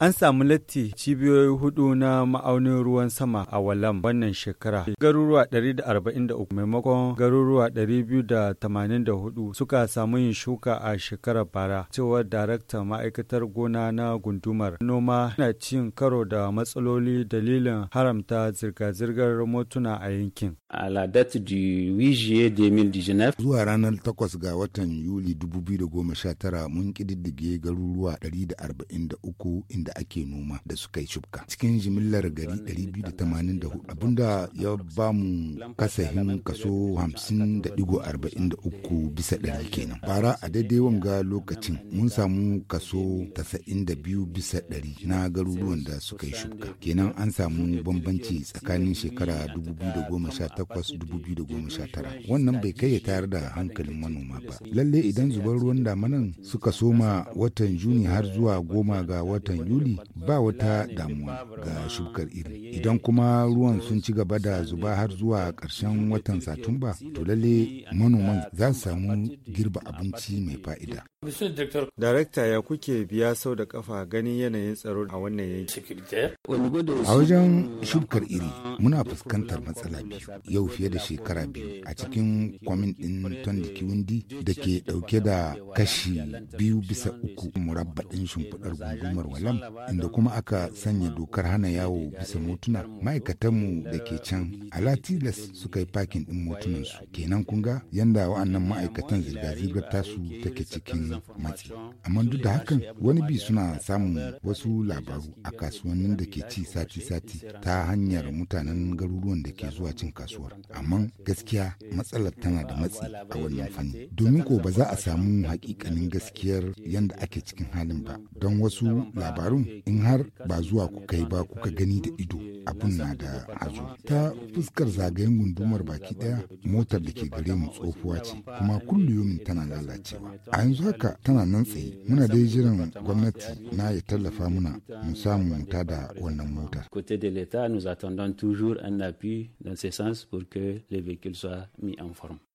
An samu latti cibiyoyi hudu na ma'aunin ruwan sama a Walam wannan shekara. Garuruwa 143 maimakon garuruwa 284 suka samu yin shuka a shekarar bara. Cewar daraktan ma'aikatar gona na gundumar noma na cin karo da matsaloli dalilin haramta zirga-zirgar motuna a yankin. A la date du 8 juillet 2019. Zuwa ranar 8 ga watan Yuli 2019 mun ƙididdige garuruwa 143 da ake noma da suka yi shubka cikin jimillar gari 284 abinda ya ba mu kasahin kaso 50.43 bisa ɗari kenan bara a daidai wanga lokacin mun samu kaso 92 bisa ɗari na garuruwan da suka yi shubka kenan an samu bambanci tsakanin shekara 2018-2019 wannan bai kai ya tayar da hankalin manoma ba lalle idan zubar ruwan damanan suka soma watan juni har zuwa goma ga watan yuni yuli ba wata damuwa ga shukar iri idan kuma ruwan sun ci gaba da zuba har zuwa ƙarshen watan satumba to lalle manoman za su samu girba abinci mai fa'ida darakta ya kuke biya sau da kafa ganin yanayin tsaro a wannan yanki a wajen shukar iri muna fuskantar matsala biyu yau fiye da shekara biyu a cikin kwamin ɗin tondikiwundi da ke ɗauke da kashi biyu bisa uku murabbaɗin shimfiɗar gungumar walam inda kuma aka sanya dokar hana yawo bisa motuna ma'aikatanmu da ke can ala tilas suka yi pakin din motunansu kenan kun ga yanda wa'annan ma'aikatan zirga-zirgar tasu take cikin matsi amma duk da hakan wani bi suna samun wasu labaru a kasuwannin da ke ci sati-sati ta hanyar mutanen garuruwan da ke zuwa cin kasuwar amma gaskiya matsalar tana da matsi a wannan fanni domin ko ba za a samu hakikanin gaskiyar yanda ake cikin halin ba don wasu labaru dabarun in har ba zuwa kuka yi ba kuka gani da ido abun na da hazo ta fuskar zagayen gundumar baki daya motar da ke gare mu tsofuwa ce kuma kulliyomin tana lalacewa a yanzu haka tana nan tsaye muna dai jiran gwamnati na ya tallafa muna mu samu ta da wannan motar côté de l'état nous attendons toujours un appui dans ce pour que les mis en forme